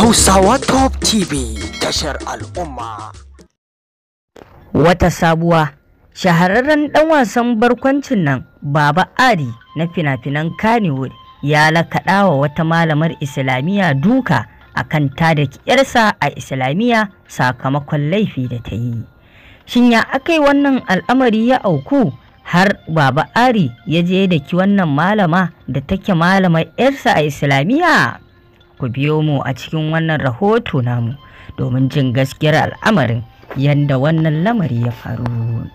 Hausawa Top TV tashar al'umma. Wata sabuwa shahararren ɗan wasan barkwancin nan Baba Ari na fina-finan Kannywood ya lakaɗa wa wata malamar Islamiyya duka a kan tada ƙiyarsa a Islamiyya sakamakon laifi da ta yi. Shin ya aka yi wannan al'amari ya auku har Baba Ari ya je da ki wannan malama da take malamar 'yarsa a Islamiyya? ku biyo mu a cikin wannan rahoto namu domin jin gaskiyar al'amarin yadda wannan lamari ya faru.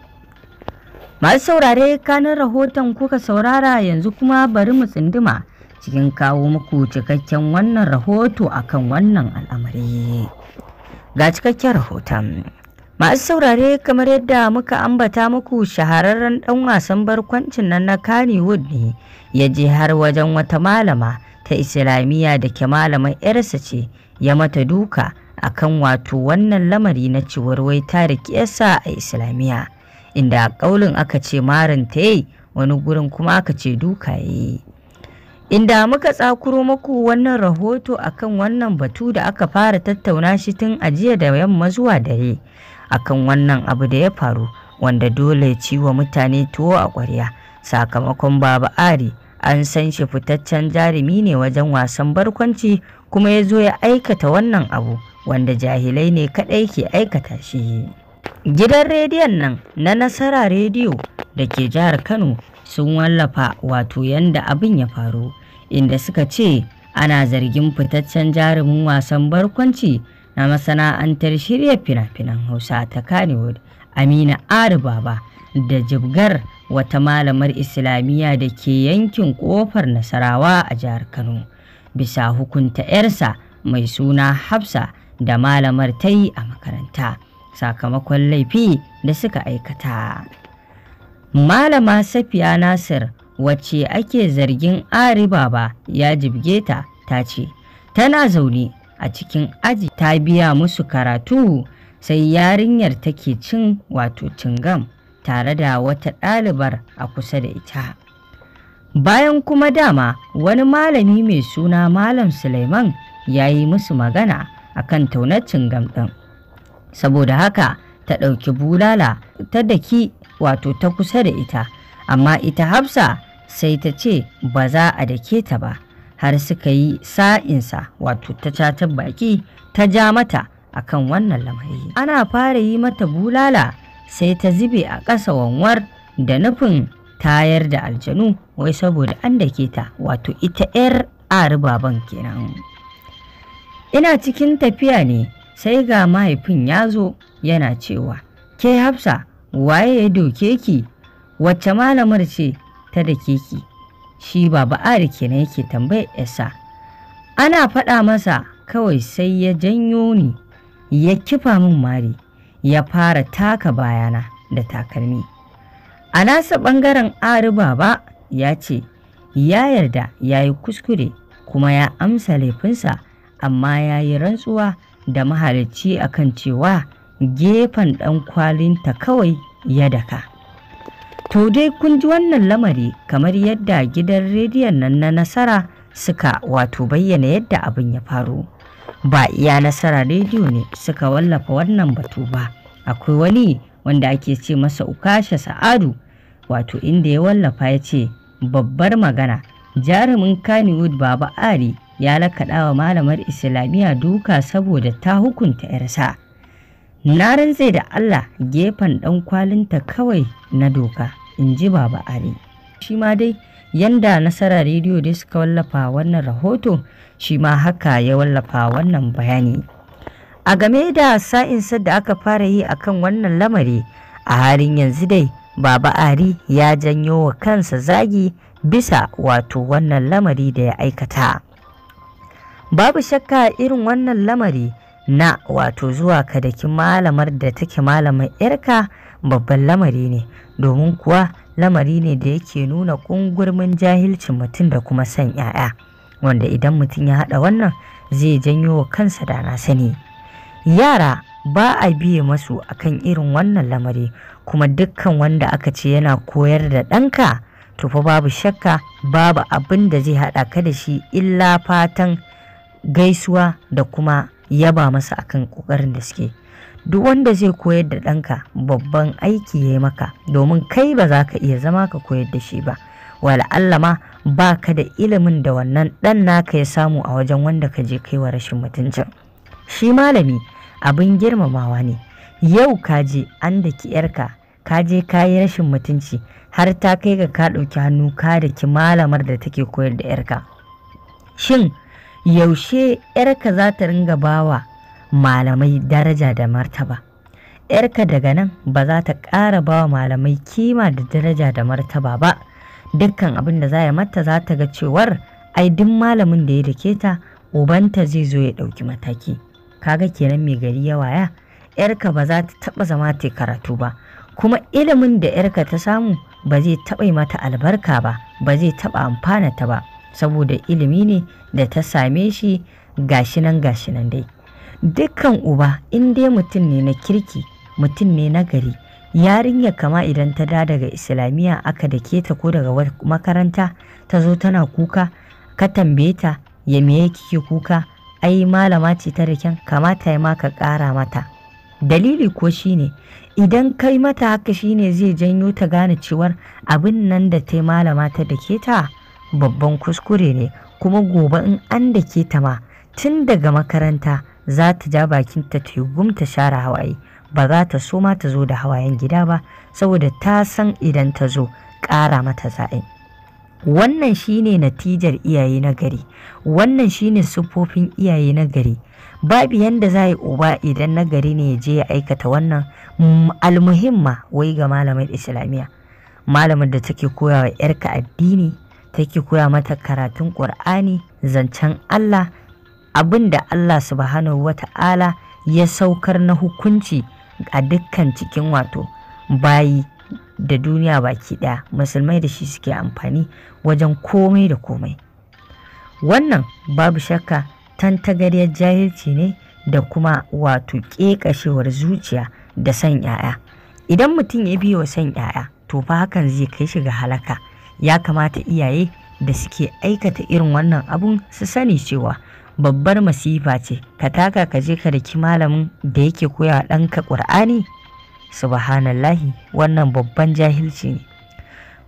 Masu saurare kanin rahoton kuka saurara yanzu kuma bari mu tsinduma cikin kawo muku cikakken wannan rahoto akan wannan al'amari. Ga cikakken rahoton. Masu saurare kamar yadda muka ambata muku shahararren ɗan wasan barkwancin nan na Kannywood ne ya je har wajen wata malama ta islamiyya da ke malamin yarsa ce ya mata duka a kan wato wannan lamari na cewar waita da a islamiyya inda a ƙaulin aka ce marin ta yi wani gurin kuma aka ce duka ya yi inda muka tsakuro muku wannan rahoto akan wannan batu da aka fara tattauna shi tun ajiya da yamma zuwa dare akan wannan abu da ya faru wanda dole ya ci wa mutane tuwo a ƙwarya sakamakon babu ari an san shi fitaccen jarumi ne wajen wasan barkwanci kuma ya zo ya aikata wannan abu wanda jahilai ne kaɗai ke aikata shi gidan rediyon nan na nasara rediyo da ke jihar kano sun wallafa wato yanda abin ya faru inda suka ce ana zargin fitaccen jarumin wasan barkwanci na masana'antar shirya fina-finan hausa ta kanewood amina ari baba da jibgar wata malamar islamiyya da ke yankin kofar nasarawa a jihar kano bisa hukunta 'yarsa mai suna hafsa da malamar ta yi a makaranta sakamakon laifi da suka aikata malama safiya nasir wacce ake zargin ari baba ya jibge ta ta ce tana zaune a cikin aji ta biya musu karatu sai yarinyar take cin wato gam. tare da wata ɗalibar a kusa da ita. Bayan kuma dama wani malami mai suna Malam Suleiman ya yi musu magana a kan taunacin gamɗin. Saboda haka ta ɗauki bulala ta daki wato ta kusa da ita, amma ita hafsa sai ta ce ba za a dake ta ba. har suka yi sa'insa wato ta catar baki ta ja mata a kan wannan lamari. Ana fara yi mata bulala sai ta zube a ƙasa wanwar da nufin tayar da aljanu wai saboda an da ta wato ita 'yar ari baban kenan ina cikin tafiya ne sai ga mahaifin ya zo yana cewa ke hafsa waye ya doke ki wacce malamar ce ta da ki? shi baba ari kenan yake tambayar yasa ana faɗa masa kawai sai ya janyo ni ya kifa min mari ya fara taka bayana da takalmi a nasa ɓangaren ari baba ya ce ya yarda ya yi kuskure kuma ya amsa laifinsa amma ya yi rantsuwa da mahalicci akan cewa gefen ɗan kwalinta kawai ya daka. To dai kun ji wannan lamari kamar yadda gidan rediyon nan na nasara suka wato bayyana yadda abin ya faru. ba iya nasara rediyo ne suka wallafa wannan batu ba akwai wani wanda ake ce masa ukasha sa'adu wato inda ya wallafa ya ce babbar magana jarumin kannywood baba ari ya lakaɗa wa malamar islamiyya duka saboda ta hukunta 'yarsa na rantse da allah gefen ɗan kwalinta kawai na doka in ji baba ari shi ma dai yanda nasara rediyo da suka wallafa wannan rahoto shi ma haka ya wallafa wannan bayani a game da sa'insa da aka fara yi akan wannan lamari a harin yanzu dai baba ari ya janyo wa kansa zagi bisa wato wannan lamari da ya aikata babu shakka irin wannan lamari na wato zuwa ka daki malamar da take malamar yarka babban lamari ne domin kuwa lamari ne da yake nuna ƙungurmin jahilcin mutum da kuma son 'ya'ya wanda idan mutum ya haɗa wannan zai janyo wa kansa da na sani yara ba a biye masu akan irin wannan lamari kuma dukkan wanda aka ce yana koyar da ɗanka to fa babu shakka babu abin da zai haɗa ka da shi illa fatan gaisuwa da kuma yaba masa akan ƙoƙarin da suke duk wanda zai koyar da ɗanka babban aiki ya yi maka domin kai ba za ka iya zama ka koyar da shi ba Allah ma ba ka da ilimin da wannan ɗan naka ya samu a wajen wanda ka je kaiwa rashin mutuncin shi malami abin girmamawa ne yau ka je an da yarka ka je ka yi rashin mutunci har ta kai ga ka ɗauki hannu ka da malamar da take koyar da yarka shin yaushe yarka za ta ringa bawa malamai daraja da martaba yarka daga nan ba za ta ƙara ba wa malamai kima da daraja da martaba ba dukkan abin da za ya mata za ta ga cewar ai duk malamin da ya dake ta ubanta zai zo ya ɗauki mataki kaga kenan mai gari ya waya yarka ba za ta taɓa zama ta karatu ba kuma ilimin da yarka ta samu ba zai taɓa mata albarka ba ba zai taɓa amfana ta ba saboda ilimi ne da ta same shi gashi nan gashi nan dai dukkan uba in dai mutum ne na kirki mutum ne na gari yarinya kama idan ta da daga islamiyya aka da ta ko daga makaranta ta zo tana kuka ka tambaye ta ya me kike kuka ai malama ce ta da kamata ya maka kara mata dalili ko shine idan kai mata haka shine zai janyo ta gane cewar abin nan da ta malama ta da ke babban kuskure ne kuma gobe in an da ke ta ma tun daga makaranta za ta ja bakinta ta yi gum ta share hawaye ba za ta so ma ta zo da hawayen gida ba saboda ta san idan ta zo ƙara mata za'in wannan shine natijar iyaye na gari wannan shine siffofin iyaye na gari babu yanda za yi uba idan na gari ne je ya aikata wannan mm, almuhimma wai ga malamin islamiyya malamin da take koya wa 'yarka addini take koya mata karatun ƙur'ani zancen allah abin da Allah subhanahu wata'ala ya saukar na hukunci a dukkan cikin wato bayi da duniya baki ɗaya musulmai da shi suke amfani wajen komai da komai wannan babu shakka tantagaryar jahilci ne da kuma wato ƙeƙashewar zuciya da son 'ya'ya idan mutum ya biyo son 'ya'ya to fa hakan zai kai shi ga halaka ya kamata iyaye da suke aikata irin wannan abun su sani cewa babbar masifa ce ka taka ka je ka riki malamin da yake koya ɗanka ƙur'ani subhanallahi wannan babban jahilci ne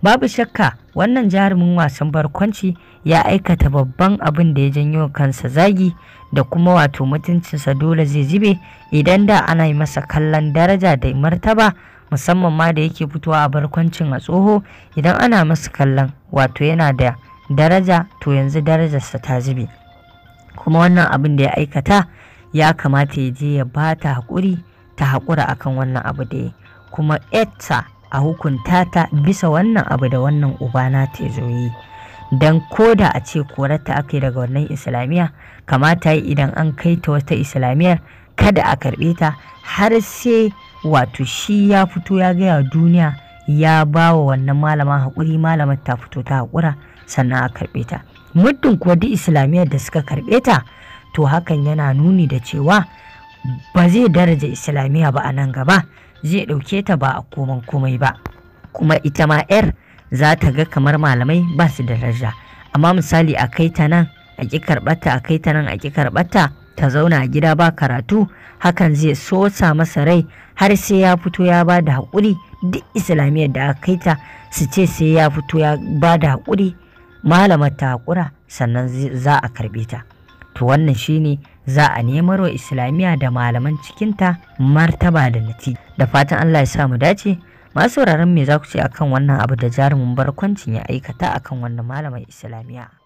babu shakka wannan jarumin wasan barkwanci ya aikata babban abin da ya janyo kansa zagi da kuma wato mutuncinsa dole zai zube idan da ana yi masa kallon daraja da martaba musamman ma da yake fitowa a barkwancin a tsoho idan ana masa kallon wato yana da daraja to yanzu darajarsa ta zube kuma wannan abin da ya aikata ya kamata ya je ya ba ta haƙuri ta haƙura akan wannan abu da ya kuma etta a hukunta ta bisa wannan abu da wannan ubana ta zo yi don ko da a ce korarta aka yi daga wannan islamiyya kamata yi idan an kai ta wata islamiyyar kada a karɓe ta har sai wato shi ya fito ya gaya duniya ya ba wa wannan malama haƙuri malamar ta fito ta haƙura sannan a karɓe ta muddin kuwa duk islamiyyar da suka karɓe ta to hakan yana nuni da cewa ba zai daraja islamiyya ba a nan gaba zai ɗauke ta ba a koman komai ba kuma ita ma 'yar za ta ga kamar malamai ba su daraja amma misali a kai ta nan a ƙi karɓarta a kai ta nan a ƙi karɓarta ta zauna a gida ba karatu hakan zai sosa masa rai har sai ya fito ya ba da haƙuri duk islamiyyar da aka kai ta su ce sai ya fito ya ba da haƙuri malamar ta haƙura sannan za a karɓe ta to wannan shine za a nemar wa islamiyya da malaman cikinta martaba da nati da fatan allah ya sa mu dace masu sauraron me za ku ce akan wannan abu da jarumin barkwancin ya aikata akan wannan malamar islamiyya